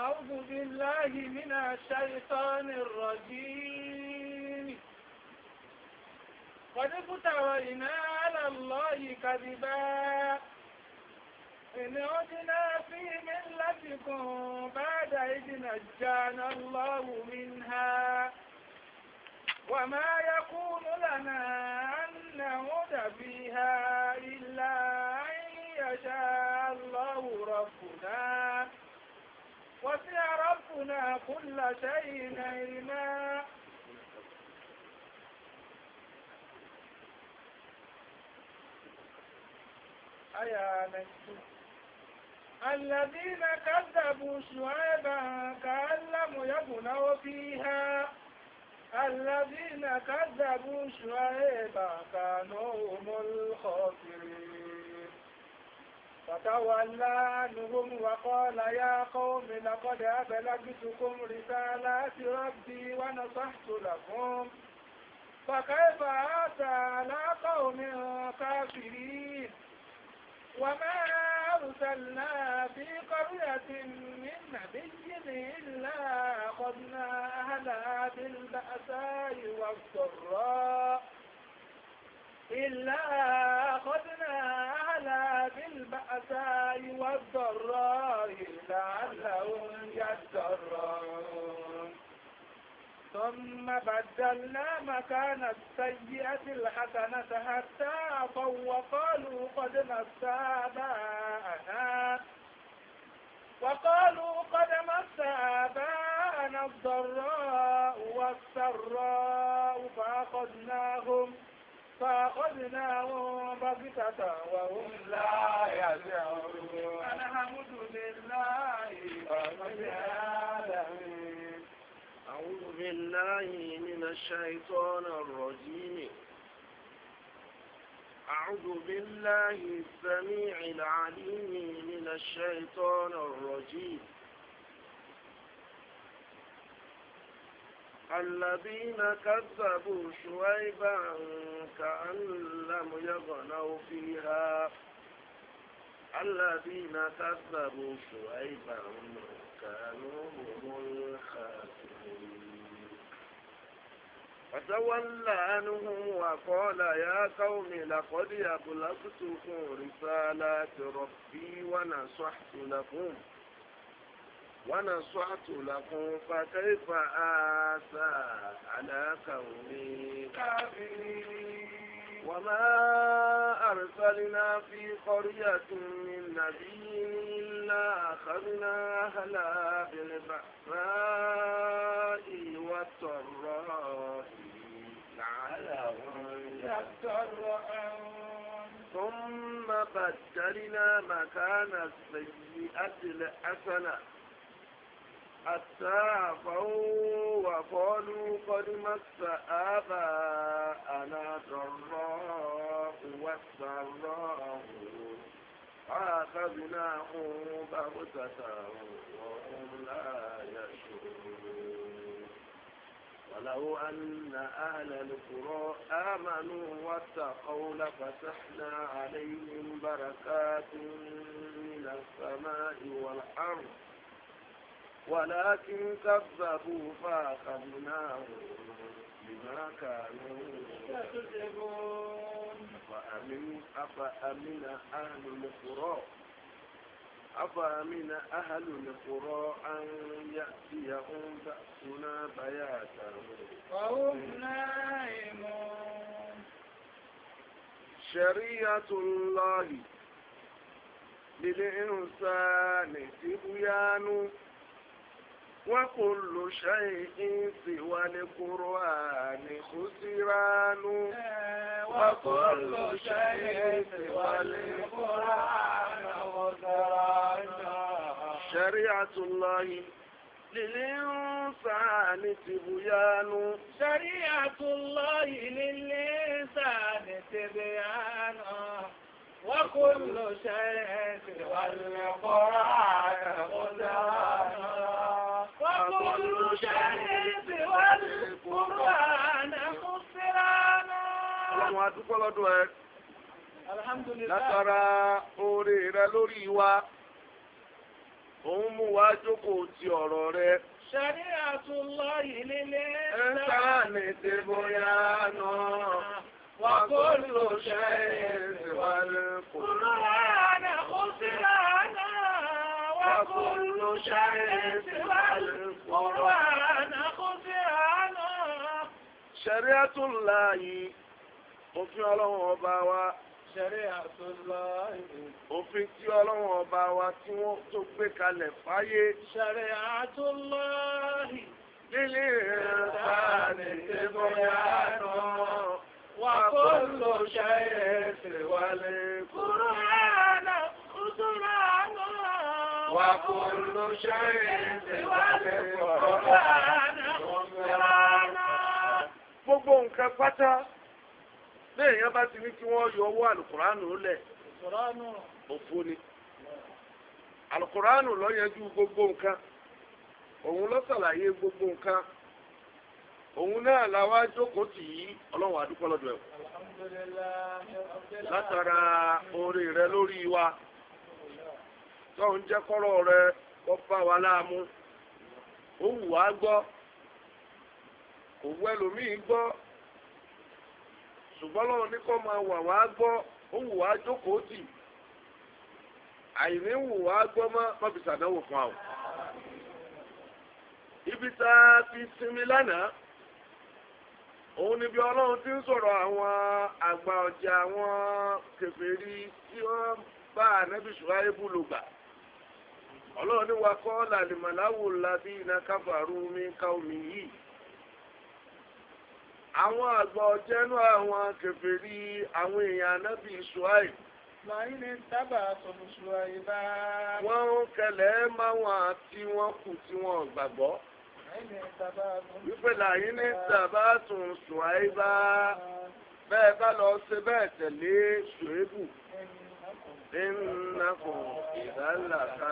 أعوذ بالله من الشيطان الرجيم قد افترينا على الله كذبا إن عدنا في ملتكم بعد إذ نجانا الله منها وما يكون لنا أن نعود فيها إلا أن يشاء الله ربنا وسع ربنا كل شيء علما أيا نجد الذين كذبوا شعيبا كأن لم يبنوا فيها الذين كذبوا شعيبا كانوا هم الخاسرين فتولى عنهم وقال يا قوم لقد أبلغتكم رسالات ربي ونصحت لكم فكيف أتى على قوم كافرين وما أرسلنا في قرية من نبي إلا أخذنا أهلها بالبأساء والضراء إلا البأساء والضراء لعلهم يضرون ثم بدلنا مكان السيئة الحسنة حتى عفوا وقالوا قد مس آباءنا وقالوا قد مس آباءنا الضراء والسراء فأخذناهم فأخذناهم بغتة وهم لا يشعرون الحمد لله رب العالمين أعوذ بالله من الشيطان الرجيم أعوذ بالله السميع العليم من الشيطان الرجيم الذين كذبوا شعيبا كأن لم يغنوا فيها الذين كذبوا شعيبا كانوا هم فتولى عنهم وقال يا قوم لقد أبلغتكم رسالات ربي ونصحت لكم ونصحت لكم فكيف آسى على كوني كافرين وما أرسلنا في قرية من نبي إلا أخذنا أهلا بالبأساء والضراء ثم بدلنا مكان السيئة الحسنة أسافوا وقالوا قد مس آباءنا ضراء والسراء فأخذناهم بغتة وهم لا يشعرون ولو أن أهل القرى آمنوا واتقوا لفتحنا عليهم بركات من السماء والأرض ولكن كذبوا فأخذناهم بما كانوا يكذبون أفأمن أفأمن أهل القرى أفأمن أهل القرى أن يأتيهم بأسنا بياتا وهم نائمون شريعة الله للإنسان تبيان وكل شيء سوى القرآن خسران وكل شيء سوى القرآن خسران شريعة الله للإنسان تبيان شريعة الله للإنسان تبيان وكل شيء سوى القرآن خسران وكل شيء والقرآن خسرانا Ọlọ́run adúpọ̀ lọ́dọ̀ ẹ. Látara oore rẹ lórí wa, òun mú wa jókòó ti ọ̀rọ̀ rẹ. Ṣẹ́rí àtúnlọ ìlélẹ́. Ẹ ń sáà ní ti bóyá náà. Wà kó lò ṣe é wà ní kò. Kúrò àná kó sí àná. Wà kó lò ṣe é wà ní kò. Ṣẹ̀rí'àtúllàhi òfin ọlọ́run ọba wa. Ṣẹ̀rí'àtúllàhi. Òfin tí ọlọ́run ọba wa tí wọ́n tó gbé kalẹ̀ fáyé. Ṣẹ̀rí'àtúllàhi. Lílé ìrìnàfààní tí mo yá nà. Wà kó lò ṣe é ṣe wálé. Kúrò àná, kúrò àná. وكل شيء gbogbo nǹkan pátá léèyàn bá ti ní kí wọ́n yọ ọwọ́ alukuraanu lẹ̀ òfo ni alukuraanu yanjú gbogbo nǹkan òun lọ sàlàyé gbogbo nǹkan òun náà làwa jókòó tì í ẹ̀ rẹ lórí wa. tó ń jẹ́ kọ́rọ̀ rẹ kó bá wa láàmú ó wù wá gbọ́ kò wù ẹlòmíì gbọ́ ṣùgbọ́n lọ́wọ́ wà wá gbọ́ ó wù wá jókòó tì àìní wù wá gbọ́ fún àwọn. ibi fi sinmi lánàá òun ni bí ọlọ́run ti ń sọ̀rọ̀ àwọn àgbà ọ̀jà àwọn tí wọ́n bá ayébù ọlọ́run ní wa kọ́ làlìmọ̀láwò lábí iná káfàrú mi ká omi yìí. àwọn àgbà ọ̀jẹ́nu àwọn kèfèrí àwọn èèyàn anábì suhaib. màá ní dábàá sọ̀rọ̀ suhaib bá. wọ́n ń kẹlẹ̀ máwọn tí wọ́n kù tí wọ́n gbàgbọ́. wípé làyín ní dábàá sọ̀rọ̀ suhaib bá. bẹ́ẹ̀ bá lọ ṣe bẹ́ẹ̀ tẹ̀lé suhaib ìnákùn ìdálàkà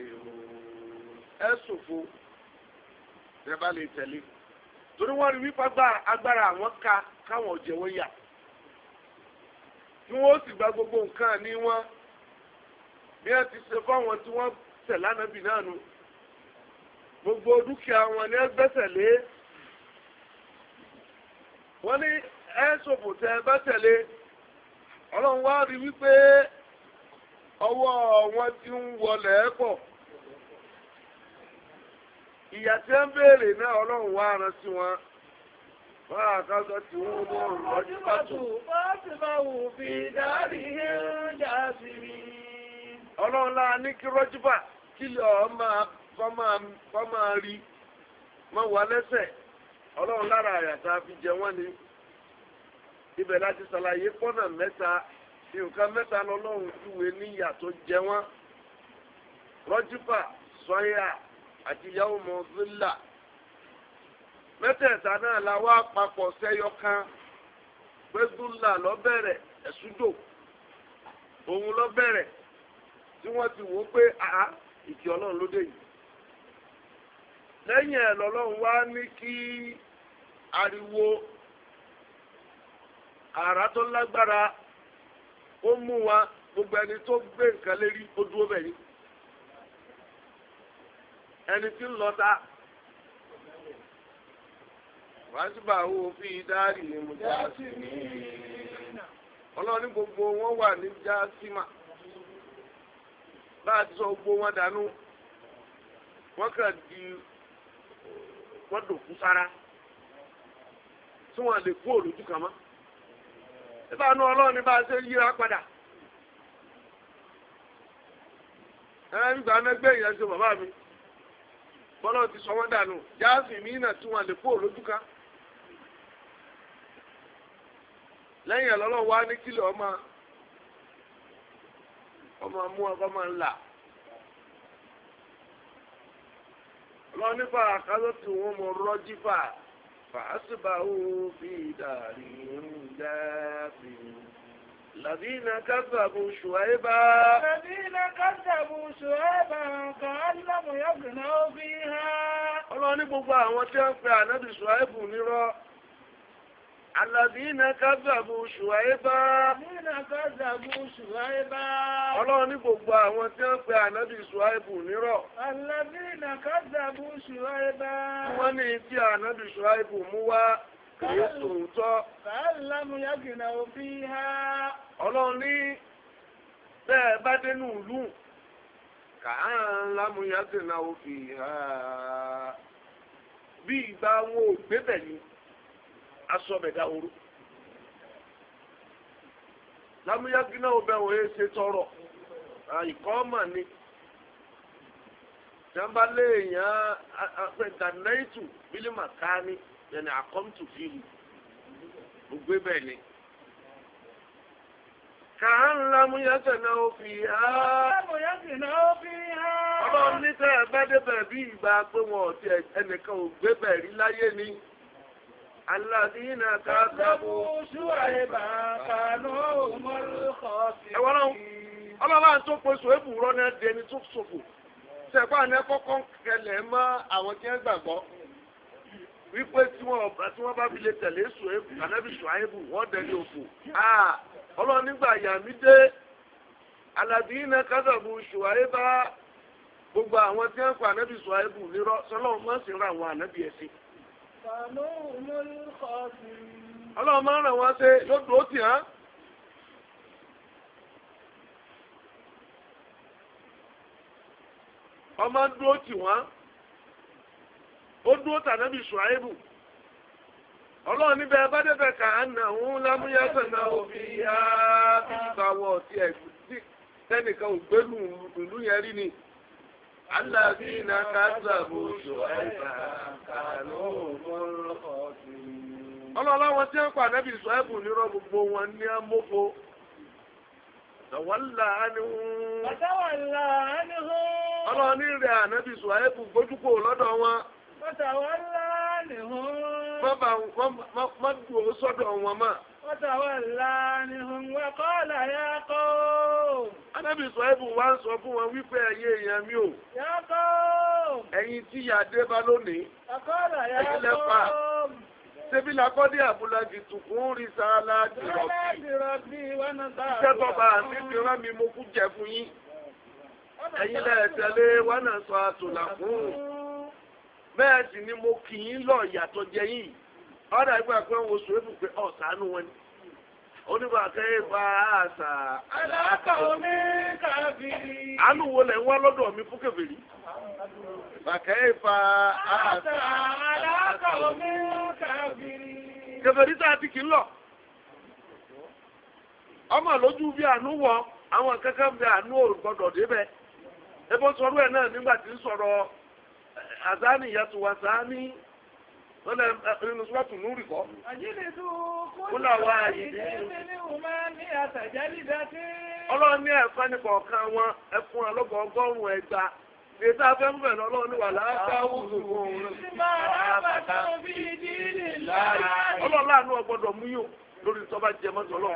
èrò ẹ̀sùnfò rẹ̀ bá lè tẹ̀lé torí wọ́n rí wípé agbára àwọn ká káwọn jẹ́wọ́ yà kí wọ́n sì gba gbogbo nǹkan ní wọn bí wọ́n ti ṣe fáwọn tí wọ́n tẹ̀ lánàbì náà nu gbogbo dúkìá wọn ni ẹ gbẹ́sẹ̀ lé wọ́n ní ẹ̀sùnfò tẹ̀ ẹ bá tẹ̀lé ọlọ́run wá rí wípé. ọwọ́ wọn ti ń wọlé pọ̀ ìyà tí ń bèèrè náà ọlọ́run wá ran sí wọn wọn àkàtọ tí wọn lọ́jọ́ pàtó. fi dárí sí mi. ọlọ́run láà ní kí máa rí lẹ́sẹ̀ ọlọ́run lára àyàtà fi jẹ nǹkan mẹ́ta lọ́lọ́run júwe níyà tó jẹ wọ́n rọ́júpà sọ́yà àti yahoo mọ́sílà mẹ́tẹ̀ẹ̀ta náà la wá papọ̀ sẹ́yọ kan gbẹ́dúlà lọ́bẹ̀rẹ̀ ẹ̀sùdò òun lọ́bẹ̀rẹ̀ tí wọ́n ti wò ó pé àá ìkì ọlọ́run ló dé yìí lẹ́yìn ẹ̀ lọ́lọ́run wá ní kí ariwo àrà tó lágbára. ó mú wa gbogbo ẹni tó gbé nǹkan lérí ó dúró bẹ̀ ni ẹni tí ń lọ ta wàásùbà wo fi dáàrí ní mo já sí ni ọlọ́run ní gbogbo wọn wà ní jásímà bá a ti sọ gbogbo wọn dànù wọ́n kàn di wọ́n dòkú sára tí wọ́n lè kú òrùjú kàn mọ́. ìbánu ọlọ́run ni bá a ṣe yíra padà. na nígbà mẹ́gbẹ́ ìyá ṣe bàbá mi bọ́lá ti sọ wọ́n dànù jáàsì mí náà tí wọ́n lè kó lójú ká. lẹ́yìn ọlọ́run wá ní kílẹ̀ ọmọ ọmọ mú ọkọ máa ń là. ọlọ́run nípa فأصبحوا في دارهم جاثمين الذين كذبوا شعيبا الذين كذبوا شعيبا كأن لم يغنوا فيها. ọlọ́run ní gbogbo àwọn tí wọ́n ń pe Àlàdínà kábàbù ṣùwáyébá. Àlàdínà kábàbù ṣùwáyébá. Ọlọ́run ní gbogbo àwọn tí wọ́n pe ànábì ṣùwáyébù nírọ̀. Àlàdínà kábàbù ṣùwáyébá. Wọ́n ní tí ànábì ṣùwáyébù mú wá kìí tòótọ́. Kàálàmù yàgìnà òfin ha. Ọlọ́run ní bẹ́ẹ̀ bá dénú ìlú. Kàálàmù yàgìnà òfin ha. Bí ìgbà wọn ò gbébẹ̀ aṣọ mẹ̀dá ooru lámúyágínà ọbẹ̀ wọ́n yé ṣe tọrọ àìkọ́ mà ni jàmbá léèyàn àpẹ̀dánẹ́tù bílímà káni yẹnì àkọ́mtù fíìmù gbogbo bẹ́ẹ̀ ni. kàn lámúyásẹ̀ náà ó fi há. lámúyásẹ̀ náà ó fi há. ọlọ́run ní sẹ́yìn bá débẹ̀ bí ìgbà pé wọn ò tiẹ̀ ẹnìkan ò gbé bẹ̀ láyé ni. Àlàdínà kàtàbù ṣúwàìbà kànú mọ́lúkọ̀ọ́sì. Ẹ̀wọ̀n náà, ọlọ́lá tó pe ṣòwébù rọ́nà dẹni tó ṣòfò. Ṣẹ̀pá ni ẹ kọ́kọ́ kẹlẹ̀ mọ́ àwọn tí wọ́n gbàgbọ́. Wípé tí wọ́n bá fi lè tẹ̀lé ṣòwébù, ànábì ṣòwébù, wọ́n dẹni òfò. Ọlọ́run nígbà yàmí dé. Àlàdínà kàtàbù ṣòwàìbà gbogbo àwọn tí wọ́n pa ànábì ṣòwébù nírọ́ sọlọ́run mọ́ sí àwọn ànábì ẹ̀sìn ọlọ́run máa ń ràn wọ́n ṣe yóò dúró tì hàn. ọmọ ń dúró tì wọ́n ó dúró tànábì ṣùáìbù ọlọ́run níbẹ̀ bá débẹ̀ kà á nà ń lámúyásẹ̀ náà òfin yá kí wọ̀ tí ẹ̀ tí tẹ́nìkan ò ìlú yẹn rí ni. الذين كذبوا شعيبا كانوا هم الخاسرين ọlọ́láwọ́ tí ń pa ànábì ṣùáìbù nírọ̀ gbogbo wọn ní amófo tọ̀wọ́lá ánihún. tọ̀wọ́lá ánihún. ọlọ́ọ̀ni rẹ̀ ànábì ṣùáìbù gbójúkò lọ́dọ̀ wọn. tọ̀wọ́lá ánihún. má bá wọn sọ́dọ̀ wọn mọ́. tọ̀wọ́lá Anábì Ṣuaibu wá ń sọ fún wọn wípé ẹ̀yin èèyàn mi ò. Ẹ̀yin tí ìyà dé bá lónìí. Ẹ̀yin lẹ́fà. Ṣébí lakọ́dé àbúlájì tùkún rí sáálá dìrọ̀bì. Iṣẹ́ tọba àti ìfirán mi mo kú jẹ fún yín. Ẹ̀yin lẹ́ẹ̀ tẹ̀lé wánà sọ àtòlà fún. Bẹ́ẹ̀ sì ni mo kì í lọ ìyàtọ̀ jẹ yìí. Ọ̀dà ìgbà pé wọ́n wo Ṣuaibu pé ọ̀sánú wọn ni onígbà kẹ́ bá a sà. aláàkà omi kàbìrì. àánú wo lẹ̀ ń wá lọ́dọ̀ mi fún kèfèrí. bàkẹ́ fa a sà. aláàkà omi kàbìrì. kèfèrí tá a ti kì í lọ. ọmọ lójú bí àánú wọ àwọn kankan bí àánú ò gbọdọ̀ débẹ̀. ebó sọ̀rọ̀ ẹ̀ náà nígbà tí ń sọ̀rọ̀ àzáni yàtúwàsáni lọ́lẹ̀ nínú sọ́ọ̀tù núrì kọ́. àjílẹ̀dù kúlọ̀ wá ìdí ní ọmọ ní àtàjálìdá tí. ọlọ́run ní ẹ̀fọ́ ní kọ̀ọ̀kan wọn ẹ̀fún alọ́gbọ̀n ọgọ́rùn-ún ẹgbà ní tá a fẹ́ mú bẹ̀rẹ̀ ọlọ́run ní wà láàbá wùdù wọn. ọlọ́run láàánú ọgbọ́dọ̀ mú yóò lórí tó bá jẹ mọ́tò lọ.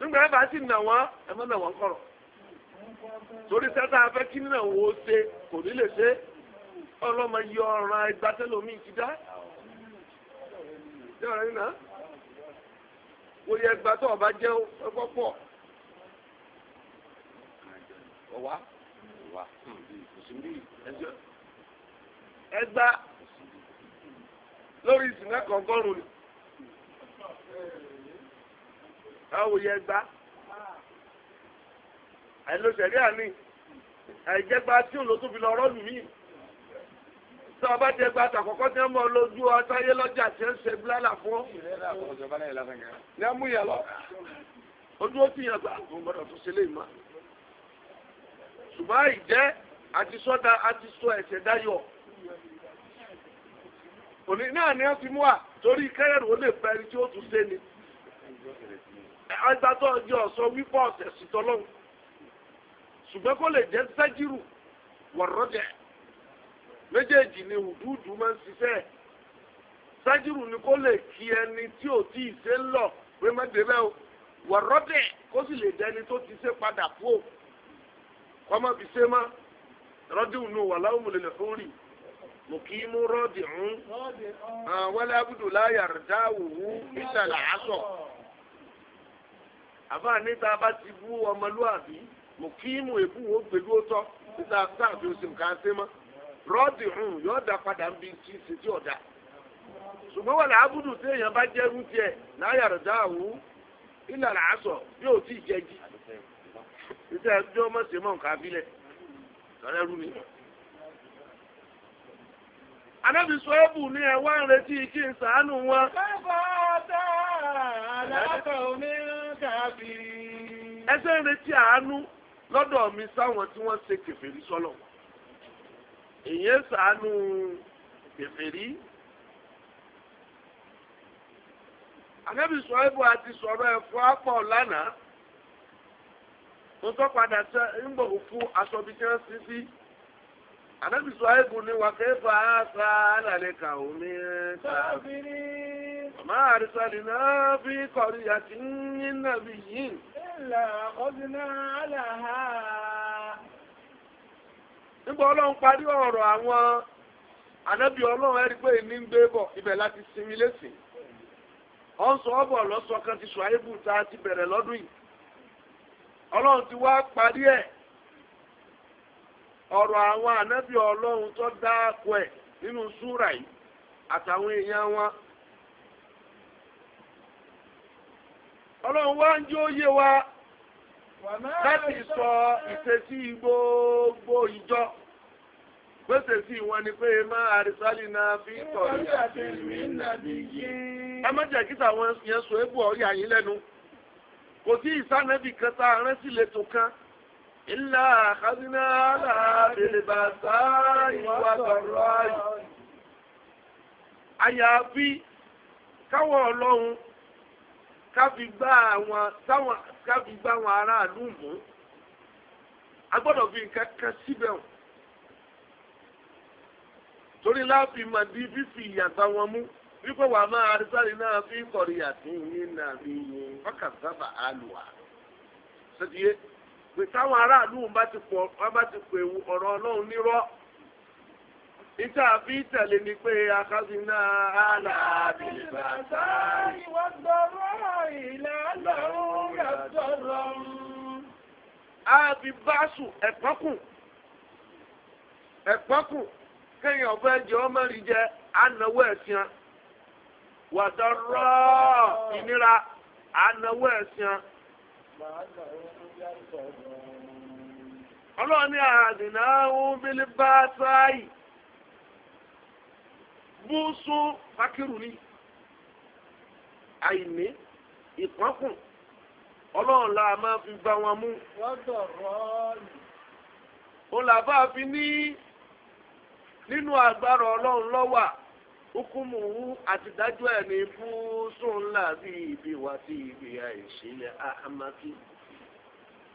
nígbà yẹn bá sì nà wọ́n ẹ má nà wọ́n kọ̀rọ̀ torí sẹ́tà afẹ́ kí nínú àwọn ò ṣe kò ní lè ṣe ọlọ́mọ yọ ọ̀ràn ìgbàsẹ́lómi ti dá jẹ́ ọ̀rẹ́ nínú kò yẹ ẹgbà tó ọba jẹ́ ẹgbọ́ pọ̀ ọ̀wá ẹgbà lórí ìsìnkà kọ̀ọ̀gọ́rùn-ún ni àwọn òye ẹgbà ẹ̀yin ló ṣẹ̀rí àmì àìjẹgba tí òun ló tún fi lọ rọ́ọ̀lù mí tí ọba jẹ gba àtàkọ́kọ́ tí wọ́n mọ lójú ọtáyé lọ́jà tí ń ṣe bílálà fún. ní a mú ìyá lọ ojú ó ti yàn gbà òun gbọdọ̀ tún ṣe léyìn mọ́. ṣùgbọ́n àìjẹ́ àti sọ́dà àti sọ ẹ̀sẹ̀ dáyọ̀ òní náà ni wọ́n ti mú wa torí kẹ́rẹ́rù ó lè fẹ́ ẹni tí ó tún ṣe ni. ẹgbẹ́ tó ọjọ́ sọ wípọ̀ ọ̀sẹ̀ sí tọ́lọ́hún ṣùgbọ́n kó lè jẹ́ sájírù wọ̀rọ̀dẹ̀ méjèèjì ni hùdúùdù máa ń ṣiṣẹ́ sájírù ni kó lè kí ẹni tí ò tí ì ṣe ń lọ pé má débẹ́ o wọ̀rọ̀dẹ̀ kó sì lè dẹni tó ti ṣe padà kú o kọ́mọ fi ṣe má rọ́díù nù wà láwùmù lè fún rì mùkímù rọ́dì ń wọlé abudu láyà rẹ̀dá òwú ìtàlà àṣọ àbáà níta bá ti bú ọmọlúwàbí. mùkíìmù èbú wo pẹ̀lú ọtọ́ títà sáàbì oṣù nǹkan ṣe mọ́ rọ́ọ̀dì hùn yóò ọda padà ń bi tí ṣe tí ọ̀dà ṣùgbọ́n wà láàbùdù tí èèyàn bá jẹ́ irú tiẹ̀ láyà rẹ̀ ilà làásọ̀ yóò tí ì jẹ́jì iṣẹ́ ẹjọ́ mọ̀ ṣe mọ̀ nǹkan abílẹ̀ lọ́rẹ́ rú mi. Anábì ní ẹ wá ń retí kí n sàánù wọn. Kẹ́kọ̀ọ́ tá àlàkọ̀ mi ń kàbí. Ẹsẹ̀ ń retí àánú lọ́dọ̀ mi sáwọn tí wọ́n ṣe kèfèrí sọ́lọ̀ èyí sàánú kèfèrí. ànábì sọ́ọ́bù àti sọ̀rọ̀ ẹ̀fọ́ àpọ̀ lánàá mo tọ́ padà sẹ́ ń bọ̀ fún aṣọ bíi tí wọ́n ṣe sí. Si anabi suwaibu ni wa kaifa asa alaleka omi kafiri ma arisalina fi qaryatin nabiyyin illa qadna alaha nígbà ọlọ́run parí ọ̀rọ̀ àwọn anabi ọlọ́run ẹ̀rí pé ní ń gbé bọ̀ ibẹ̀ láti sinmi lẹ́sìn ọ̀n sọ ọ́ bọ̀ kan ti suwaibu ta ti bẹ̀rẹ̀ lọ́dún yìí ọlọ́run ti wá parí ẹ̀. ọ̀rọ̀ àwọn ànábì ọlọ́run tó dáàkọ ẹ̀ nínú súrà yìí àtàwọn èèyàn wọn. ọlọ́run wá ń wa láti sọ ìṣesí gbogbo ìjọ gbèsè sí wọn ni pé máa náà fi tọ̀rí àti ìmí nàbí ẹ má jẹ́ kí yẹn ébù ọ̀rí àyín lẹ́nu kò sí kan. إلا أخذنا على بالبأساء والضراء àyàfi káwọn ọlọ́run ká fi gbá àwọn táwọn ká fi gbá àwọn aráàlú mú a gbọ́dọ̀ fi nǹkan kan síbẹ̀ wọn torí láàfin mà di fífi ìyàtọ̀ wọn mú wípé wàá máa arísáré náà fi kọ̀rìyà sí ní nàbí yìí ọkà sábà á sọ́dí yé. pé táwọn aráàlú bá ti pọ̀ wọ́n bá ti pè ọ̀rọ̀ ọlọ́run nírọ́ ìta àfi tẹ̀lé ni pé akásí náà á là bìlì bàtà ìwọ́n gbọ́rọ̀ ìlànà ahụ. rẹ̀ sọ̀rọ̀ àbí báṣù ẹ̀pọ́kùn ẹ̀pọ́kùn kéèyàn fẹ́ jẹ ọmọ rí jẹ ànáwó ẹ̀sìn wàtọ́rọ́ ìnira ànáwó ẹ̀sìn. ọlọ́run ní àdìnnà ń bílí bá sáàyì búùsù fakiru ni àìní ìpọ́nkùn ọlọ́run la máa fi bá wọn mú. wọ́n dọ̀rọ̀ ọ̀lù. òun làbá fi ní nínú agbára ọlọ́run lọ́wà hukumu àtidájọ́ ẹ̀ ní búùsù ńlá bíi ibi wá sí ibi àìsílẹ̀ àhámákì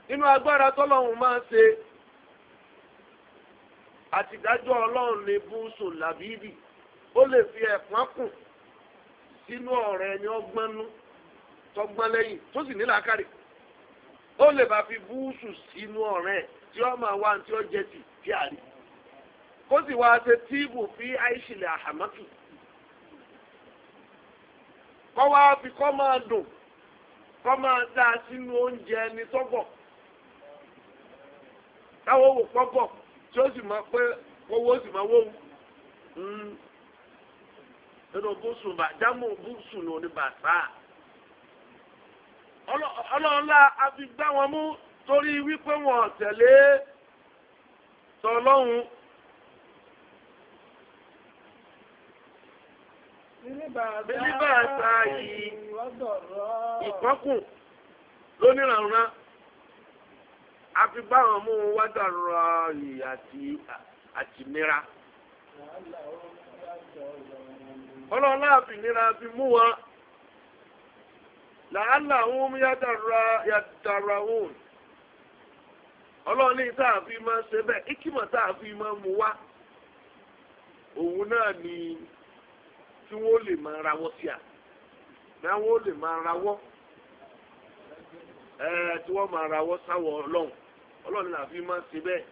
nínú agbára tọ́lọ́hún máa ń ṣe àtìdájọ́ ọlọ́run ní búùsùn làbíbì ó lè fi ẹ̀fọn kùn sínú ọ̀rọ̀ ẹni ọgbọ́nú tọgbọ́n lẹ́yìn tó sì ní làákàrè ó lè bá fi búùsùn sínú ọ̀rọ̀ ẹ̀ tí ó máa wá tí ó jẹ tì kí àrí kó sì wá ṣe tíìbù fi àìsílẹ̀ àhámọ́tù kọ́ wá fi kọ́ máa dùn kọ́ máa dá sínú oúnjẹ ẹni tọ́gbọ̀n táwọn wò pọ́pọ̀ tí ó sì máa pé owó sì máa wó hmm. nínú búùsù bá jámù búùsù ló ní bàtà ọlọ́ọ̀la àfi gbá wọn mú torí wípé wọn tẹ̀lé tọ́lọ́hún. bílíbà sáà yìí ìkọ́kùn lónìrànran. a fi bá wọn mú wádà àti àtìmíra. ọlọ́run láàfin nira fi mú wọn làálà òun yàtàrà òun ní máa ṣe bẹ́ẹ̀ máa mú wá ni tí wọ́n lè máa rawọ́ sí à náà lè máa rawọ́ tí wọ́n máa rawọ́ sáwọ́ ọlọ́run. ọlọ́run na fi máa ń ṣe bẹ́ẹ̀.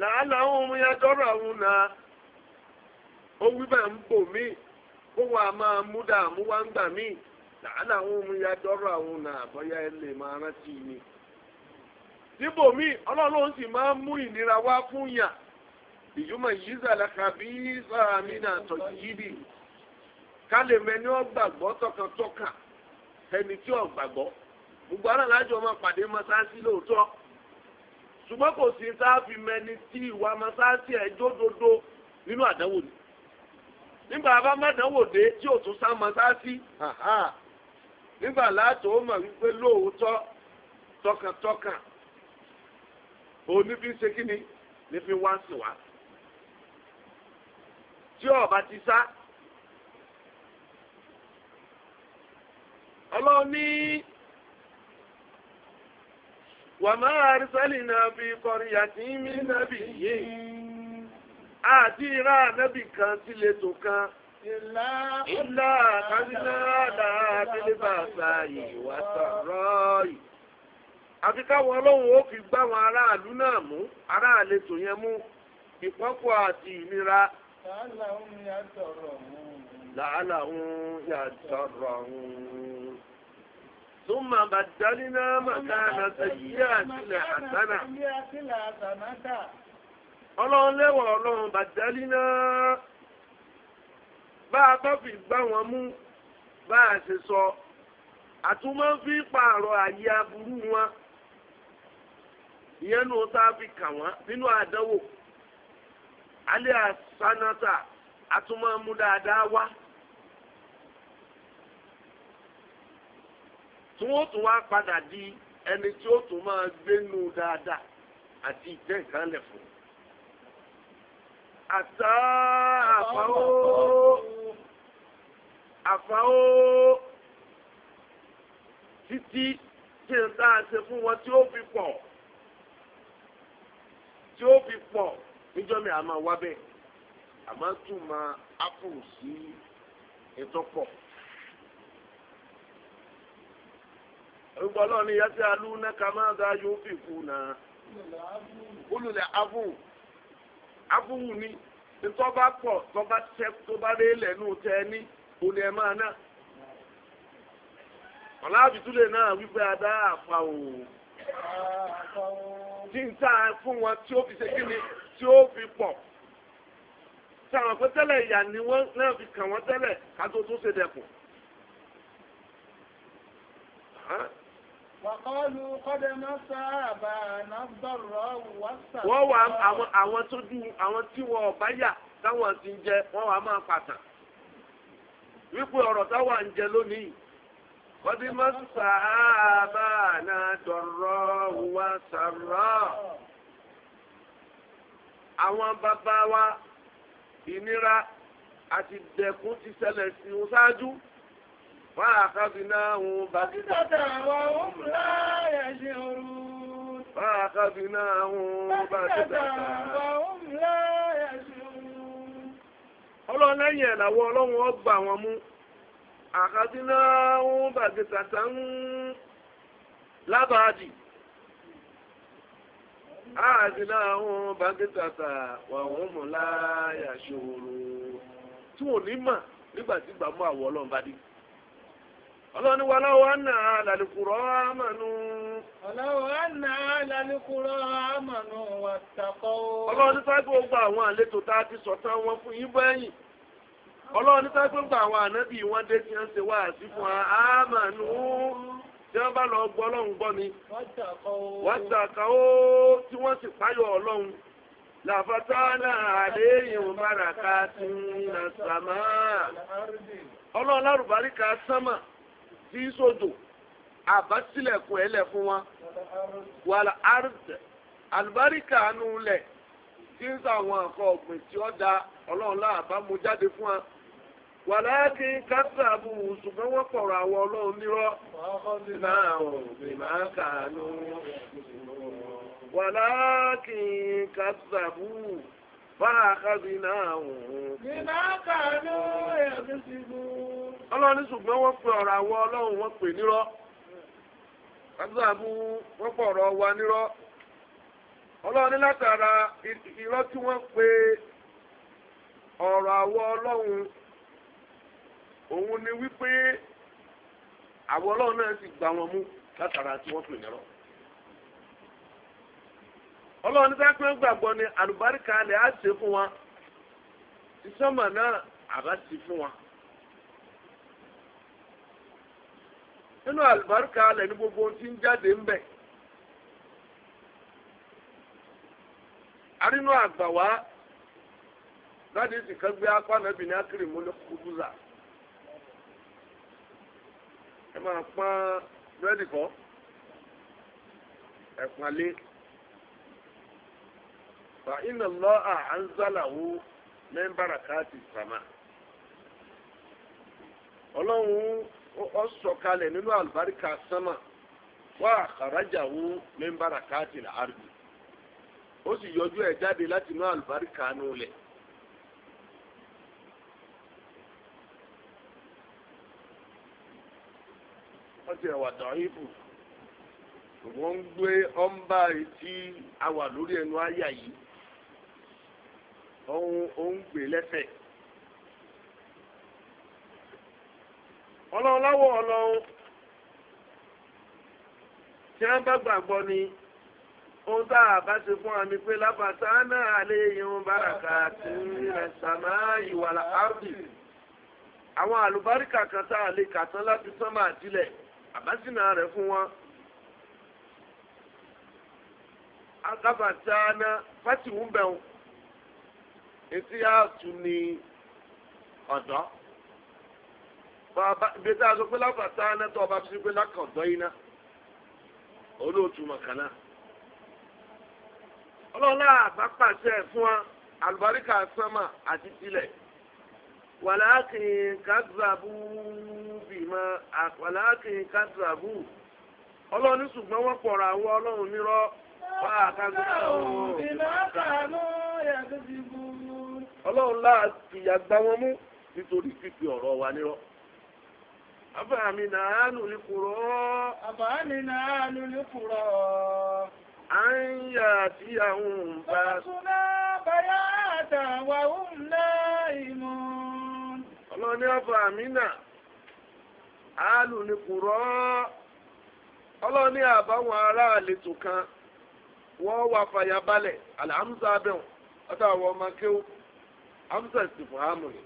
làálàá ohun ya dọ́rọ̀ àwọn náà ó wí bá ń bò mí kó wà á máa mú dààmú wá ń gbà mí làálàá ohun ya dọ́rọ̀ àwọn náà bóyá ẹ lè máa rántí ni. síbò mí sì máa ń mú ìnira wá fún yàn ìjùmọ̀ yìí zàlàkà bí sàmìnà tọ̀jú yìí bì kálẹ̀ mẹ́ni ẹni tí gbogbo ara lájọ máa pàdé mọ́sáàsì lóòótọ́ ṣùgbọ́n kò sí sáàfì mẹni tí ìwà mọ́sáàsì ẹ̀ jódodo nínú àdánwò ni nígbà bá mọ́dánwò dé tí ò tún sá mọ́sáàsì nígbà láàtọ̀ ó mọ̀ wípé lóòótọ́ tọkàntọkàn òní fi ṣe kí ní fi wá sí wa tí ọba ti sá ọlọ́ọ̀ni. wàmà àrísàlìnà fi kọrin àti mí nàbì yìí àti ìrà nàbì kan sílẹ̀ tó kan ìlà kásínà àdá abẹ́lẹ́bà sáàyè wà sọ̀rọ̀ yìí. àfi káwọn ọlọ́run ó fi gbá wọn aráàlú náà mú aráàlú tó yẹn mú ìpọ́pọ̀ àti ìnira. làálàá ثم بدلنا مكان سيئاتنا حسنة ọlọ́run lẹ́wọ̀ ọlọ́run bàjálí náà bá a bá fi gbá wọn mú bá a ṣe sọ àtúmọ̀ fi pààrọ̀ àyè aburú wọn ìyẹn nù tá a fi kà wọ́n nínú àdánwò alẹ́ àsánátà àtúmọ̀ mú dáadáa wá. tí wọ́n tún wá padà di ẹni tí ó tún máa gbénu dáadáa àti ìjẹ́ nǹkan lẹ̀ fún. àtà àfáwó àfáwó títí tí n tá a ṣe fún wọn tí ó fi pọ̀ tí ó fi pọ̀ níjọ́ mi àmọ́ wá bẹ́ẹ̀ àmọ́ tún máa ápù sí ètò orúkọ ọlọ́run yẹn ti alú yóò fi kú náà olùlẹ̀ abúwù abúwù ni ntọ́ba pọ̀ tọ́ba tẹ tọ́ba dé lẹ́nu tẹ ní òní ẹ̀ máa náà ọ̀la àbítúlẹ̀ náà wípé adá àfa o tí n ta fún wọn tí ó fi ṣe kí ni tí ó fi pọ̀ sàwọn pé tẹ́lẹ̀ ìyà ni wọ́n náà fi kàn wọ́n tẹ́lẹ̀ ká tó tó ṣe dẹ̀kùn. Wàkọ́lù kọ́dẹ mọ́sá àbá nàbọ̀rọ̀ wọ́sà. Wọ́n wà àwọn àwọn tó dùn àwọn tí wọ́n ọ̀bá yà táwọn ti ń jẹ wọ́n wà máa pàtàn. Wípé ọ̀rọ̀ táwọn ń jẹ lónìí. Kọ́dẹ mọ́sá àbá nàbọ̀rọ̀ wọ́sàrọ̀. Àwọn bàbá wa ìnira àti dẹ̀kun ti ṣẹlẹ̀ sí ṣáájú wọ́n àkàbínáhùn bàtítàtà àwọn ohun láàyè ṣe òru. wọ́n àkàbínáhùn bàtítàtà àwọn ohun láàyè ṣe òru. ọlọ́run lẹ́yìn ẹ̀ làwọn ọlọ́run ó gbà wọn mú àkàbínáhùn bàtítàtà ń lábàádì àdìláhùn bàgẹ́tàtà wàhùn mọ̀láyà ṣòro tí wọn ò ní mà nígbà tí gbàmú àwọn ọlọ́run bá dé. ọlọ́ni wa láwọ́ àná àlàlùkùrọ̀ àmànú. ọlọ́ni àwọn tá a ti sọ̀tàn wọn fún bẹ́yìn Ọlọ́ni tó gbé àwọn wọn dé tí wá sí fún àmànú tí wọ́n bá lọ gbọ́ wọ́n tí wọ́n sì páyọ̀ ọlọ́run làfàtánà àléyìn ń nà sàmà ọlọ́run tí í sòjò àbásílẹ̀kùn ẹ̀lẹ̀ fún wọn wàlà ard àlùbáríkà nù lẹ̀ tí ń sàwọn nǹkan ọ̀gbìn tí ó da ọlọ́run láàbá mu jáde fún wa wàlá kí kásá bù ṣùgbọ́n wọ́n pọ̀rọ̀ àwọn ọlọ́run nírọ́ náà ò sì máa kàánú wàlá kí kásá bù bá a náà ò. bí máa kàánú ẹ̀rí sí bù ọlọ́run ṣùgbọ́n wọ́n pe ọ̀rọ̀ àwọ ọlọ́run wọ́n pè nírọ́ àdúràbù wọ́n pọ̀ ọ̀rọ̀ wa nírọ́ ọlọ́run ní látara irọ́ tí wọ́n pe ọ̀rọ̀ àwọ ọlọ́run òun ni wípé àwọ ọlọ́run náà sì gbà wọn mú látara tí wọ́n pè nírọ́ ọlọ́run ní sápẹ́ gbàgbọ́ ni àlùbáríkà lè á ṣe fún wa ìsọ́mọ̀ náà àbá ṣe fún wa. nínú àlùbáríkà alẹ̀ ní gbogbo ohun tí ń jáde ń bẹ̀. arínú àgbà wá láti ìsìnkán gbé apá nàbì ní akérè mú kúdúzà ẹ máa pọ́n ẹ̀pọ̀n lé fa ọ sọ̀kalẹ̀ nínú àlùbáríkà sánmà wà àkàràjàwó mẹ́ńbàrà káàtìlà àrùbí ó sì yọjú ẹ̀ jáde láti inú àlùbáríkà nù lẹ̀. wọ́n ti ẹ̀wà dọ̀ọ́yìnbù wọ́n ń gbé ọ́nbà etí awà lórí ẹnu àyà yìí ó ń gbé ọlọ́run láwọ̀ ọlọ́run tí wọ́n bá gbàgbọ́ ni ohun tá a bá ṣe fún wa ni pé lábàtà náà alẹ́ irun bàràkà tí ń rẹ̀ sàmá ìwàlà áàbì àwọn àlùbáríkà kan tá a lè kà tán láti sánmà àdílẹ̀ àbásínà rẹ̀ fún wọn. akábàtà náà fásitì ń bẹ̀rù etí àtúni ọ̀dọ́ bí tá a sọ pé láfàtà náà tó ọba fi pé lákàndọ́ iná olóòtú màkànnà ọlọ́lá àbápàṣẹ fún wa àlùbáríkà sánmà àti tilẹ̀ wàláàkìn kádùràbù bìmọ̀ wàláàkìn kádùràbù ọlọ́run ní ṣùgbọ́n wọ́n pọ̀rọ̀ àwọn ọlọ́run nírọ́ bá a kájú ọ̀hún. ọlọ́run láà fìyà wọn mú nítorí fífi ọ̀rọ̀ wa nírọ́. أفأمن أهل القرى أفأمن أهل القرى أن يأتيهم بأسنا بياتا وهم نائمون الله ni أفأمن أهل القرى ọlọ́run ní àbáwọn ará àlejò kan wọ́n wá fàyàbalẹ̀ alhamza abẹ́wọ̀n ọ̀dọ̀ àwọn ọmọ kéwù hamza ìsìfàhámù ni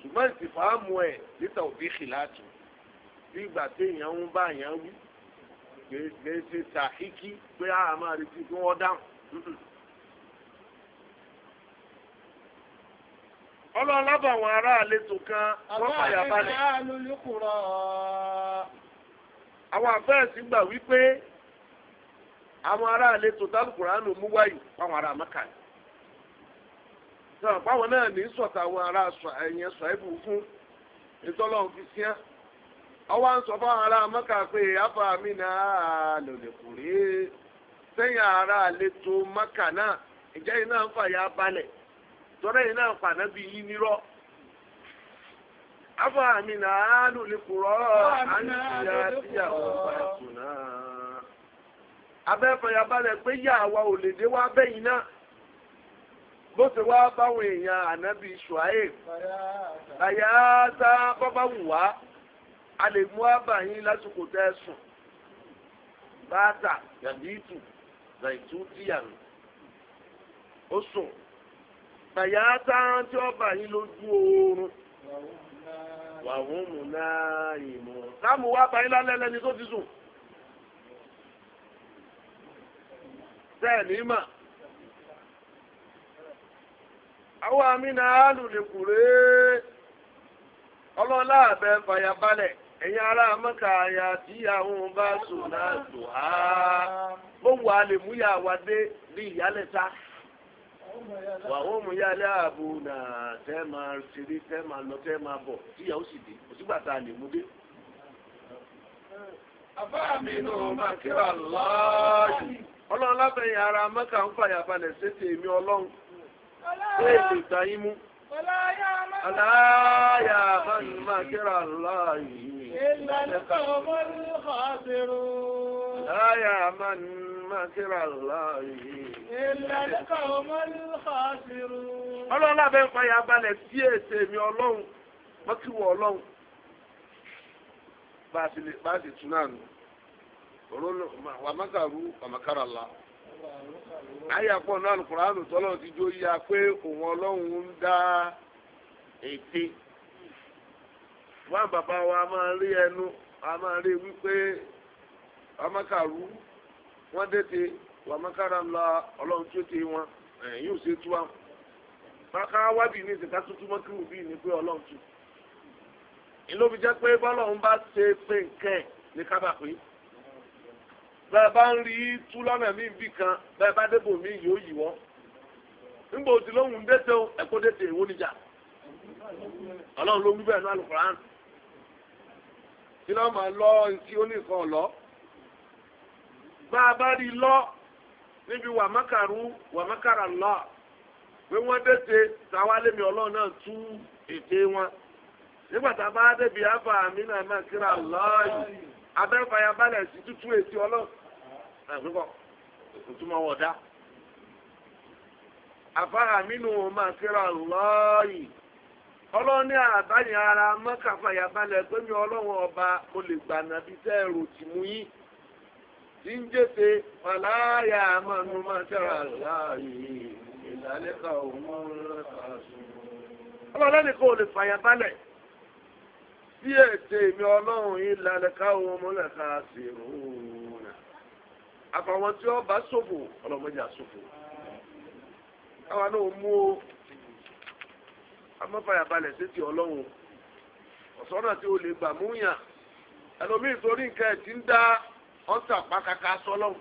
ṣùgbọ́n ìsìfàhámù ẹ̀ níta òbí kìláàtù bí ìgbà téèyàn ń bá èèyàn wí kìí ṣe tàhíkí pé a máa retí kí wọ́n dáhùn. ọlọ́run lábọ̀ àwọn ará àlejò kan wọ́n fàyà balẹ̀. àwọn àfẹ́ẹ̀sì gbà wípé àwọn ará àlejò tálùkùránù mú wáyù fáwọn ará mẹ́kà yìí. sọ̀rọ̀ fáwọn náà ní sọ̀tà àwọn ará ẹ̀yẹn sọ̀ẹ́bù fún ìtọ́lọ́run fi síán. ọwa ń sọ fáwọn ará mọ́kà pé mi náà lòdì kù rí sẹ́yìn àlejò mọ́kà náà ìjẹ́ iná ń fàyà balẹ̀ tọ́lá iná ń fà náà bí yí nírọ́. mi náà lòdì kù rọ́ àǹtíyà tíyàwó pàṣẹ náà. abẹ́ fàyà balẹ̀ pé yá àwa ò náà bó èèyàn ànábì àyà wù wá. a lè mú àbà yín lásìkò tẹ́ ẹ sùn báàtà yàndìtù zàìtú tíyàrá ó sùn bàyà táwọn tí wọ́n bà yín lójú oorun wàhùn mú náà ìmọ̀ sáàmù wá bá yín lálẹ́ lẹ́ni tó ti sùn sẹ́ẹ̀ni mà àwọn àmì náà lù ọlọ́lá àbẹ fàyàbalẹ̀. ẹ̀yin ara maka aya tí àwọn bá sùn náà tò á bó wà á lè múyà wá dé bí wà ó mú yálẹ̀ ààbò náà tẹ́ máa ṣeré tẹ́ máa lọ tẹ́ máa bọ̀ tíyàwó sì dé òsígbà tá a lè mú dé. àbá mi ara ń fàyà balẹ̀ sétí èmi ọlọ́run mú. máa إلا القوم الخاسرون لا يأمن مكر الله إلا القوم الخاسرون ọlọ́run lábẹ́ ń fàyà balẹ̀ sí ètè mi ọlọ́run mọ́kíwọ̀ ọlọ́run bá a ti tún náà nù wà mákàrú wà mákàrà la ayàpọ̀ náà Kùránì tọ́lọ́run ti jó yá pé òun ọlọ́run ń dá ète wọn bàbá wa a máa rí ẹnu a máa rí wípé amákàrú wọn dẹ́tẹ̀ wàmákàrà ńlá ọlọ́run tí ó ti wọn ẹ̀yìn ò ṣe tú wa bàkà wábì ní ìsìnká tuntun mọ́kìrù bíi ní pé ọlọ́run tù ìlóbi jẹ́ pé bọ́lọ́run bá ṣe pé nǹkan ẹ̀ ní kábà pé bẹ́ẹ̀ bá ń rí tú lọ́nà míì bì kan bẹ́ẹ̀ bá débò míì yóò yìí wọ́n nígbà òtí lóhùn dẹ́tẹ̀ ẹ̀kọ́ dẹ́tẹ̀ ìwọ́nìjà ọlọ́run ló wí bẹ́ẹ̀ ní alùpùpù kí ló máa lọ tí ó ní nǹkan lọ bá a bá rí lọ níbi wàmákàrú wàmákàrà lọ pé wọ́n dẹ́tẹ̀ tàwálẹ́mi ọlọ́run náà tú ète wọn nígbà tá a bá débi afa amina makira lọ́ọ̀yì abẹ́fàyàbalẹ̀ sí tútú èsì ọlọ́run àgbẹ̀kọ̀ ìtumọ̀ wọ̀dá afa aminu makira lọ́ọ̀yì ọlọ́run ní àràbáyìn ara mọ́kàfàyà balẹ̀ pé mi ọlọ́run ọba mo lè gbà nàbí tẹ́ ẹ̀rù tì mú yín tí ń jèsè wàláyà àmọ́nu máa tẹ̀ra láàyè ìdálẹ́kà òun ọ̀rẹ́ta sùn. ọlọ́run ní kò lè fàyà balẹ̀ sí ètè mi ọlọ́run yìí lálẹ́kà òun mọ́lẹ́ka sí òun nà. àfàwọn tí ọba ṣòfò ọlọ́mọdé àṣòfò. káwa náà mú o amáfàyàbalẹ̀ sétí ọlọ́run ọ̀sọ́nà tí o lè gbà múyàn ẹlòmíì torí nǹkan ẹ̀ ti ń dá ọ̀tà pàkàkà sọlọ́run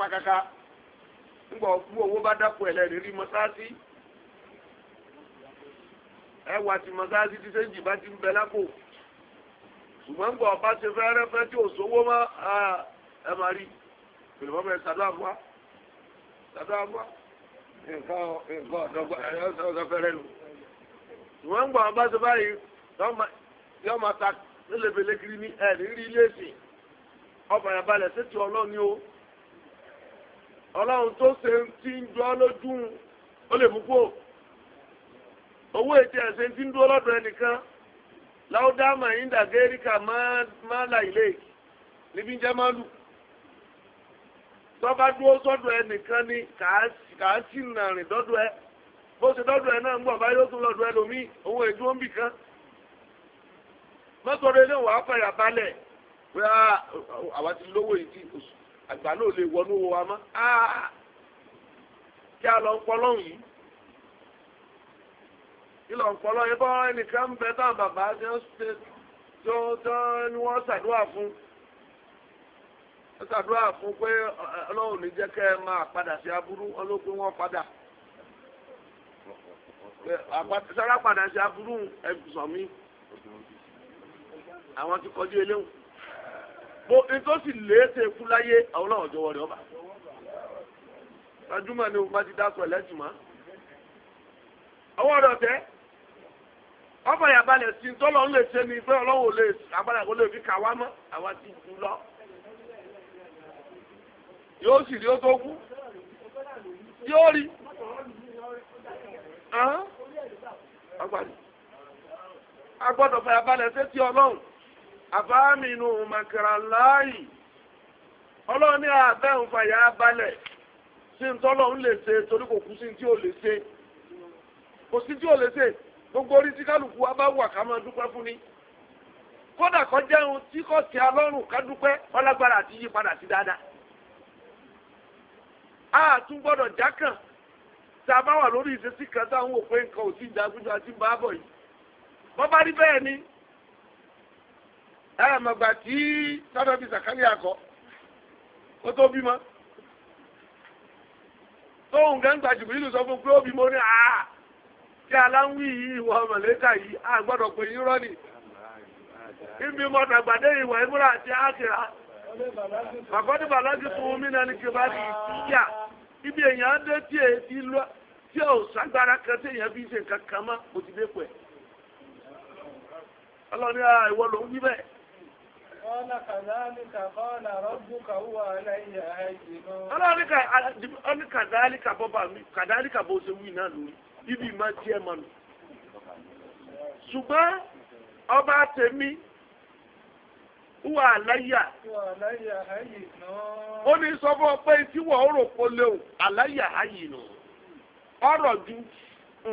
pàkàkà ńgbà ọ̀kú owó bá dákú ẹ̀ lẹ́rìí rí mọ́sáàsì ẹwà tí mọ́sáàsì ti sẹ́ńjì bá ti ń bẹ lápò ṣùgbọ́n ńgbà ọba ṣe fẹ́rẹ́fẹ́ tí ò sówó mọ́ ẹ máa rí pèlúmọ́ bẹ́ẹ̀ sàdúrà fún wa sàdúrà nǹkan ọ̀dọ́gbà ẹ̀ ọ̀dọ́fẹ́rẹ́ lò. ìwọ́n ń gbọ́ àwọn bá ṣe báyìí yọ ta lélebele kiri ní ẹ̀ rírí ilé ọlọ́run ni ó ọlọ́run tó ṣe ti ń jọ́ lójú ó lè mú kó owó ètò ẹ̀sẹ̀ ti ń dúró lọ́dọ̀ ẹnìkan láwùdáàmà yín là ilé níbi ń jẹ́ lù ni kàá bó ṣe dọ́dọ̀ ẹ̀ náà ń tún lọ́dọ̀ ẹlòmí òun èdè ó ń bì kan mọ́tòrò ilé wàá fẹ̀yà balẹ̀ pé àwa ti lówó àgbà náà lè wọnú wo wa mọ́ kí a lọ ń pọlọ́hùn yìí kí lọ ń pọlọ́hùn yìí bọ́ ẹnìkan ń bẹ táwọn fún ṣàdúrà fún pé ọlọ́run ní jẹ́ kẹ́ ẹ máa sọ́ra padà ṣe aburú ẹ̀sùn mi àwọn ti kọjú eléwu bó nítòsí léèṣe kú láyé àwọn náà jọ̀wọ́ rẹ ọba gbajúmọ̀ ni o bá ti dákọ ẹlẹ́sìn mọ́ ọwọ́ rẹ ọ̀tẹ́ ọba ìyàbalẹ̀ sí tọ́lọ̀ ń lè ṣe ni pé ọlọ́wọ́ lè agbára kó lè fi kà wá mọ́ àwa ti kú lọ yóò sì rí ó tó kú yóò rí. agbọ́dọ̀ fàyàbalẹ̀ tí ọlọ́run àfáàmìnú màkàrà ọlọ́run ní àbẹ́hùn fàyàbalẹ̀ sí ntọ́lọ̀ ń lè ṣe torí kò kú sí tí ò lè ṣe kò sí tí ò lè ṣe gbogbo orí tí kálukú wa bá wà ká máa dúpẹ́ fún ni kódà kọ́ jẹun tí kò ká dúpẹ́ ọlágbára àti yípadà sí a tá a bá wà lórí ìṣesí kan táwọn òpé nǹkan ò tí ì jagunjú àti ń yìí wọ́n bá rí bẹ́ẹ̀ ni ẹ tí sábẹ́bí kó tó bímọ sọ fún pé ó bímọ ní aláwí yìí yìí pé rọ́ọ̀nì ìwà ìmúra àti àkìrà bàbá ní fún mi náà ní ibi èèyàn dé tí èyí tí ò ságbára kan tí èèyàn fi ń ṣe nǹkan kan mọ́ kò ti dé pẹ̀. ọlọ́ni ara ìwọ ló ń wí bẹ́ẹ̀. ọlọ́ni kàdáálíkà bọ́bà mi kàdáálíkà bó ṣe wí náà lórí bíbí máa jẹ́ mọ́ ṣùgbọ́n ọba tèmi wà ó ní sọ fún ọ pé tí wọ́n rò nù. ọ̀rọ̀ ju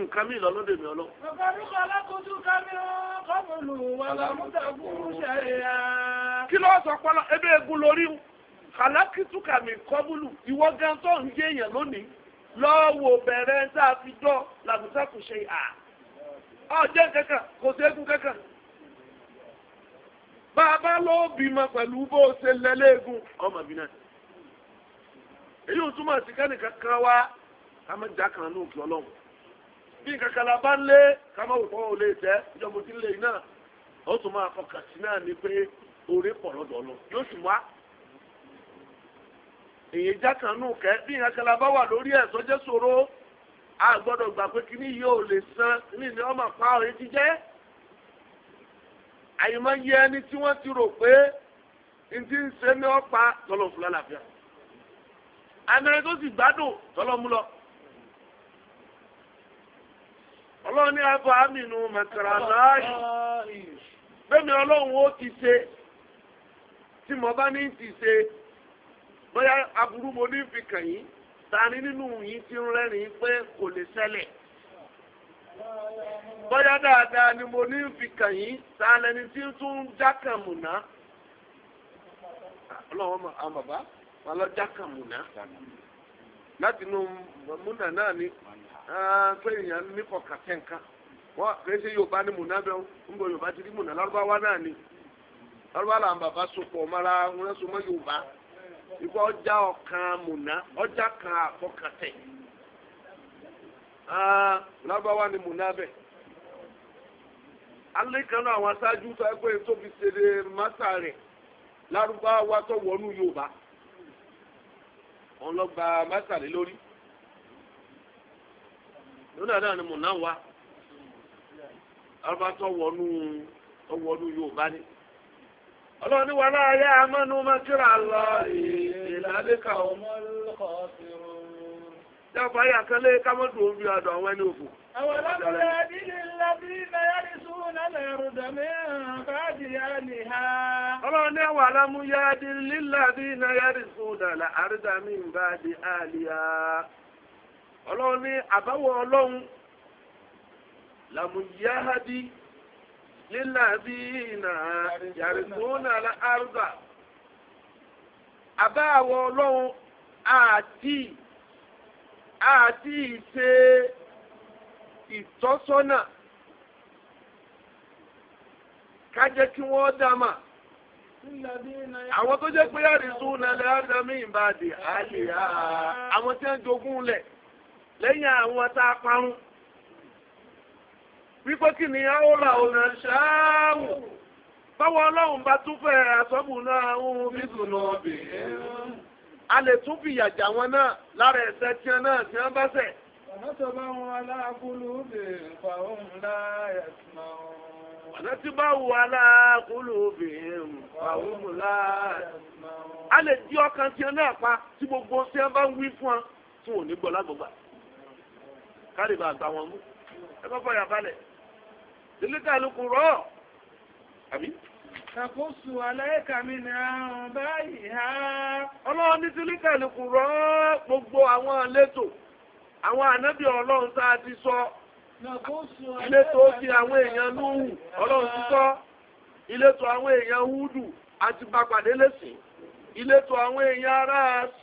nǹkan mi lọ lóde mi ọlọ. ọ̀kadùkọ̀ alákòóso kami kọ́mọlù wàlámúta kúrú ṣàríyá. kí ló sọ pọ́lọ́ ebe egun lórí o kàlákìtù kàmí kọ́bùlù ìwọ gan tó ń jẹ èèyàn lónìí lọ́wọ́ bẹ̀rẹ̀ tá a fi dọ́ làbùtà kò ṣe à. ọ̀jẹ̀ kankan kò sí egun kankan. bàbá ló bímọ pẹ̀lú bó ṣe lẹ́lẹ́gùn ọmọ bí náà. èyí ò túmọ̀ sí kẹ́nìkan kan wá. Kama má já kan ní òkè ọlọ́run bí kankan la bá ń lé ká má wò fọwọ́ olè tẹ́ ìjọba òtí lè náà ó tún máa fọkàn sí náà ni pé oore pọ̀ lọ́dọ̀ lọ yóò sì wá èyí já kan ní òkè bí kankan la bá wà lórí ẹ̀ sọ́jẹ́ ṣòro a gbọ́dọ̀ gbà pé kíní yóò lè san kíní ni wọ́n máa pa ọ̀rẹ́ jíjẹ́ àyè máa yẹ ẹni tí wọ́n ti rò pé ntí ń ṣe ní ọ̀pá tọ́lọ̀ fúlàlàfíà àmì rẹ̀ tó sì gbádùn tọ́lọ̀ mú lọ. ọlọ́run ní abọ́ aminu mẹ̀kàràláàyè bẹ́ẹ̀ni ọlọ́run ó ti ṣe tí mo bá ní ti ṣe bóyá aburú mo ní fi kàn tani nínú yìí ti ń rẹ́rìn pé kò lè ṣẹlẹ̀ bóyá dáadáa ni mo ní fi tani tí pé èèyàn nípọ̀ kàtẹ́ nǹkan wọ́n kìí ṣe yorùbá ní múná bẹ́ẹ̀ yorùbá ti múná náà ni làwọn bàbá sopọ̀ wọn mọ́ yorùbá ikú ọjà ọ̀kan múná ọjà kan ah, ni múná bẹ́ẹ̀ àwọn aṣáájú tó ẹgbẹ́ mọ́tà rẹ̀ tó wọnú yorùbá wọn lọ gba mọ́tà lé lórí. lónà náà ni mò ń ná wa ọba tó wọnú ọwọnú yorùbá ni. ọlọ́ni wà láàyè amánú mákìrà lọ ìlàlẹ́kà ọmọ dábàá yà kálẹ̀ kámọ́dù àdó àwọn ẹni òfò. àwọn ọlọ́dún ẹ̀dínlẹ̀ lábí mẹ́yàrí súnà lẹ́rù dàmí báàdì àní ha. ọlọ́ni ẹ̀wà alámúyá dín lílàbí mẹ́yàrí súnà lẹ́rù dàmí báàdì àní ha. ọlọ́run ní àbáwọ̀ ọlọ́run làmúyáhádì lílàbíìnà yàrìkúnà àrùbà àbáwọ̀ ọlọ́run àti àti ìṣe ìtọ́sọ́nà ká jẹ́ kí wọ́n dá mà àwọn tó jẹ́ pé àrìsùn nàlẹ́ àdámì ìbàdí àlè àwọn tí wọ́n jogún lẹ̀ lẹ́yìn àwọn tá a parun wípé kí ni àwòrán ọ̀nà ṣááwù báwo ọlọ́run bá tún fẹ́ àsọ́bù náà ń bí dùnà ọbẹ̀ a lè tún fìyà jà wọn náà lára ẹ̀ṣẹ̀ tí wọn náà tí wọn bá ṣẹ̀. ọ̀nà ma wọn. ọ̀nà tí bá wọn aláàkúlù bè fà òun láyà sí ma wọn. a lè di ọkàn tí wọn náà pa tí gbogbo tí wọn bá ń wí fún wọn tí wọn ò ní gbọ́ lágbọ̀gbà kárì bá gbà wọn mú ẹ bá bọ̀yà balẹ̀ tìlítà lukú rọ̀ àbí. Ṣàkóso aláìka mi ni àrùn báyìí ha. Ọlọ́run ní tìlítà lukú rọ̀ gbogbo àwọn àlétò àwọn ànábì ọlọ́run tá a ti sọ. Ìletò ti àwọn èèyàn Núhù ọlọ́run ti sọ. Ìletò àwọn èèyàn Húdù àti bàpàdé lẹ́sìn. Ìletò àwọn èèyàn ará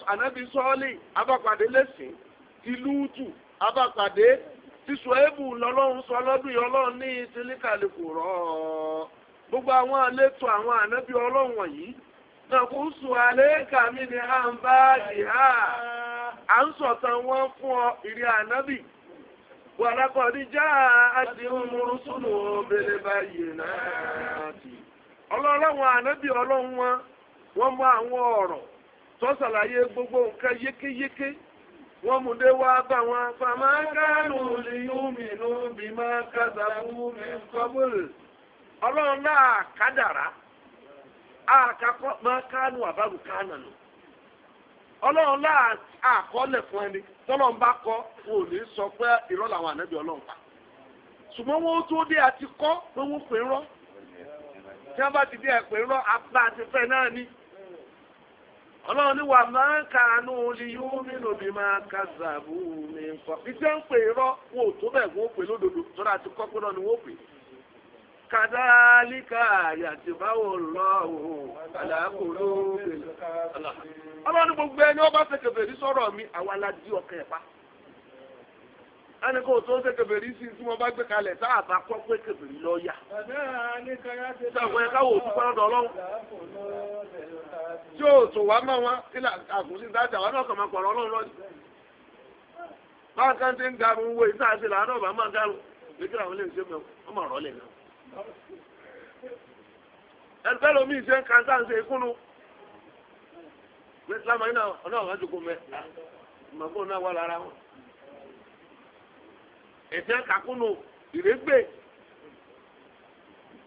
ànábì Sọ́ọ́lì abàpàdé lẹ́sìn. Ti Lúùtù abápàdé ti Ṣuaibu lọ́lọ́run sọ lọ́dún yìí ọlọ́run ní gbogbo àwọn àlétò àwọn ànábì ọlọ́run wọ̀nyí ni à ń bá à ń sọ̀tàn wọn fún ọ ìrì ànábì já obìnrin báyìí náà ọlọ́run ànábì ọlọ́run wọn wọ́n mú àwọn ọ̀rọ̀ tó ṣàlàyé gbogbo wọ́n mú dé wá bá wọn fàmákánù lè yúmi nù bí máa kàdà wúmi kọ́bùrù ọlọ́run náà kádàrá àkàkọ́ máa kánù àbárù kánà ọlọ́run náà àkọọ́lẹ̀ fún ẹni tọ́lọ́run bá kọ́ wọn ò ní sọ pé irọ́ làwọn ànábì ọlọ́run pa ṣùgbọ́n wọ́n tó dé àti kọ́ pé wọ́n pè ń rọ́ ọlọ́run ní wà máa ń kàánú ní yóò nínú bí máa ka zàbù mi nǹkan. iṣẹ́ ń pè irọ́ wọn ò tó bẹ̀ wọ́n pè lódodo tó dáa ti kọ́ pé náà ni wọ́n pè. kàdálíkà yàtìbáwò lọ́wọ́ àlàkùnrin ọlọ́run gbogbo ẹni ọba ṣe kẹfẹ́ ní sọ̀rọ̀ mi àwa la di ọkàn pa. ẹni kò tó ṣe isi sí tí wọ́n bá gbé kalẹ̀ tá a bá kọ́ pé kẹfẹ́rí lọ yà. sàwọn ẹ̀ka wò tí o tó wá mọ́ wọn kí àkùnrin dájà wọn náà kàn máa ti ń garun wo máa garun àwọn ilé ìṣe mẹ́wọ́ wọ́n máa náà. ẹgbẹ́ ẹ̀fíà kakúnù ìrẹ́gbẹ́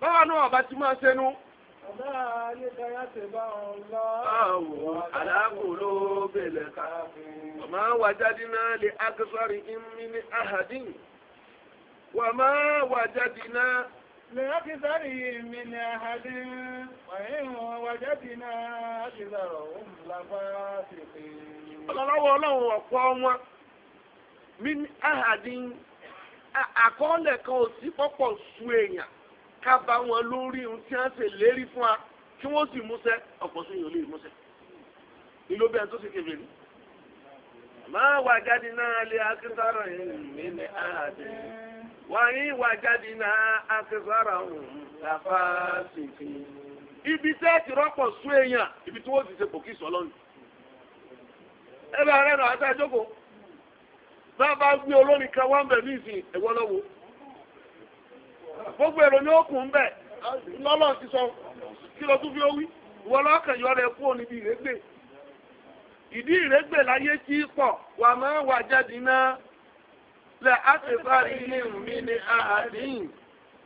báwa náà ọba ti máa ṣẹnu. ọba ayéta yá bá wọn báwo aláàkóló bẹ̀lẹ̀ ká. ọmọ wàjáde náà lè akẹ́sọ́rì ìmí ní ahadin. wàmọ́ wàjáde náà. لأكثرهم من أحد وإن وجدنا أكثرهم Ọlọ́wọ́ ọ̀pọ̀ ahadin àkọọ́lẹ̀ kan ò sí pọ́pọ̀ su èèyàn ká bá wọn lórí ohun tí wọ́n ṣe lérí fún wa kí wọ́n sì múṣẹ́ ọ̀pọ̀ sí yòó lè múṣẹ́ ìlú bẹ́ẹ̀ tó ṣe kébè ní. máa wà jáde náà lé akíntàrọ̀ mi ní àdé wàyí wà jáde náà akíntàrọ̀ làfà ṣèṣe. ibi tẹ́ ti rọ́pọ̀ su èèyàn ibi tí wọ́n ti ṣe pòkì sọ ẹ bá rẹ̀ nà bá bá gbé olórin kan ẹ̀wọ́ lọ́wọ́ gbogbo èrò ni ó kù ń bẹ̀ lọ́lọ́ ti sọ kí ló tún fi ó wí ìwọ lọ́kàn yọ rẹ̀ kúrò níbi ìrégbè ìdí ìrégbè láyé tí pọ̀ wà máa wà jáde náà lẹ́ àtẹ̀fárí ní mi ní àádín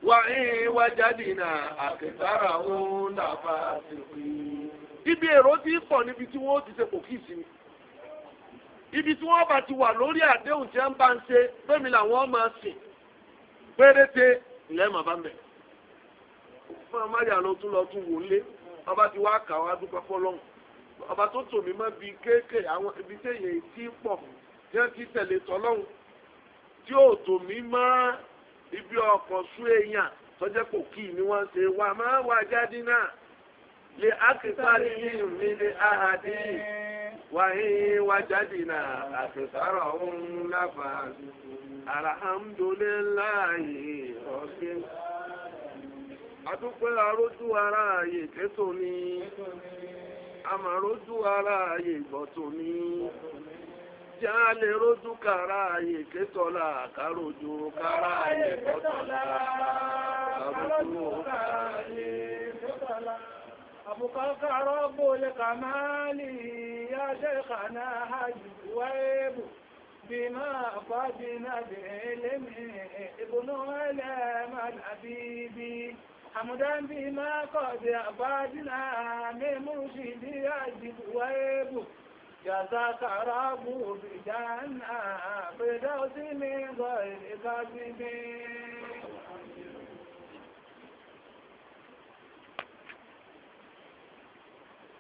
wà ń wà ibi èrò ti ṣe kò ibi tí wọ́n bá ti wà lórí àdéhùn tí wọ́n bá ń ṣe bẹ́ẹ̀mi làwọn máa sìn péréte ìlẹ́mọ̀ bá ń bẹ̀. fún amáyà ló tún lọ tún wò ó lé ọba ti wá kà wá dúpẹ́ fọlọ́hún ọba tó tòmí mọ́ bíi kéèké àwọn ibi tí èyí ti pọ̀ tí wọ́n ti tẹ̀lé tọ́lọ́hún tí ò tòmí mọ́ ibi ọkọ̀ sú èèyàn tọ́jẹ́ kò kí ni wọ́n ṣe wà máa wà jáde náà lè ákìtà nínú mi lè áhàdí. Wa وجدنا أكثرهم لفاسقين الحمد لله رب adúpẹ́ arójú ara ààyè kétò ni àmàrójú ara ààyè gbọ̀tò ni já lè rójú rotu ààyè kétọ́lá kárójú kàrá ààyè gbọ̀tọ́lá kárójú ààyè أبقى رب القمال يا شيخنا حج ويب بما قدنا بعلم ابن علم الحبيبي حمدا بما قد أفادنا من مرشد يجب ويب جزاك رب بجنة فردوس من غير كاذبين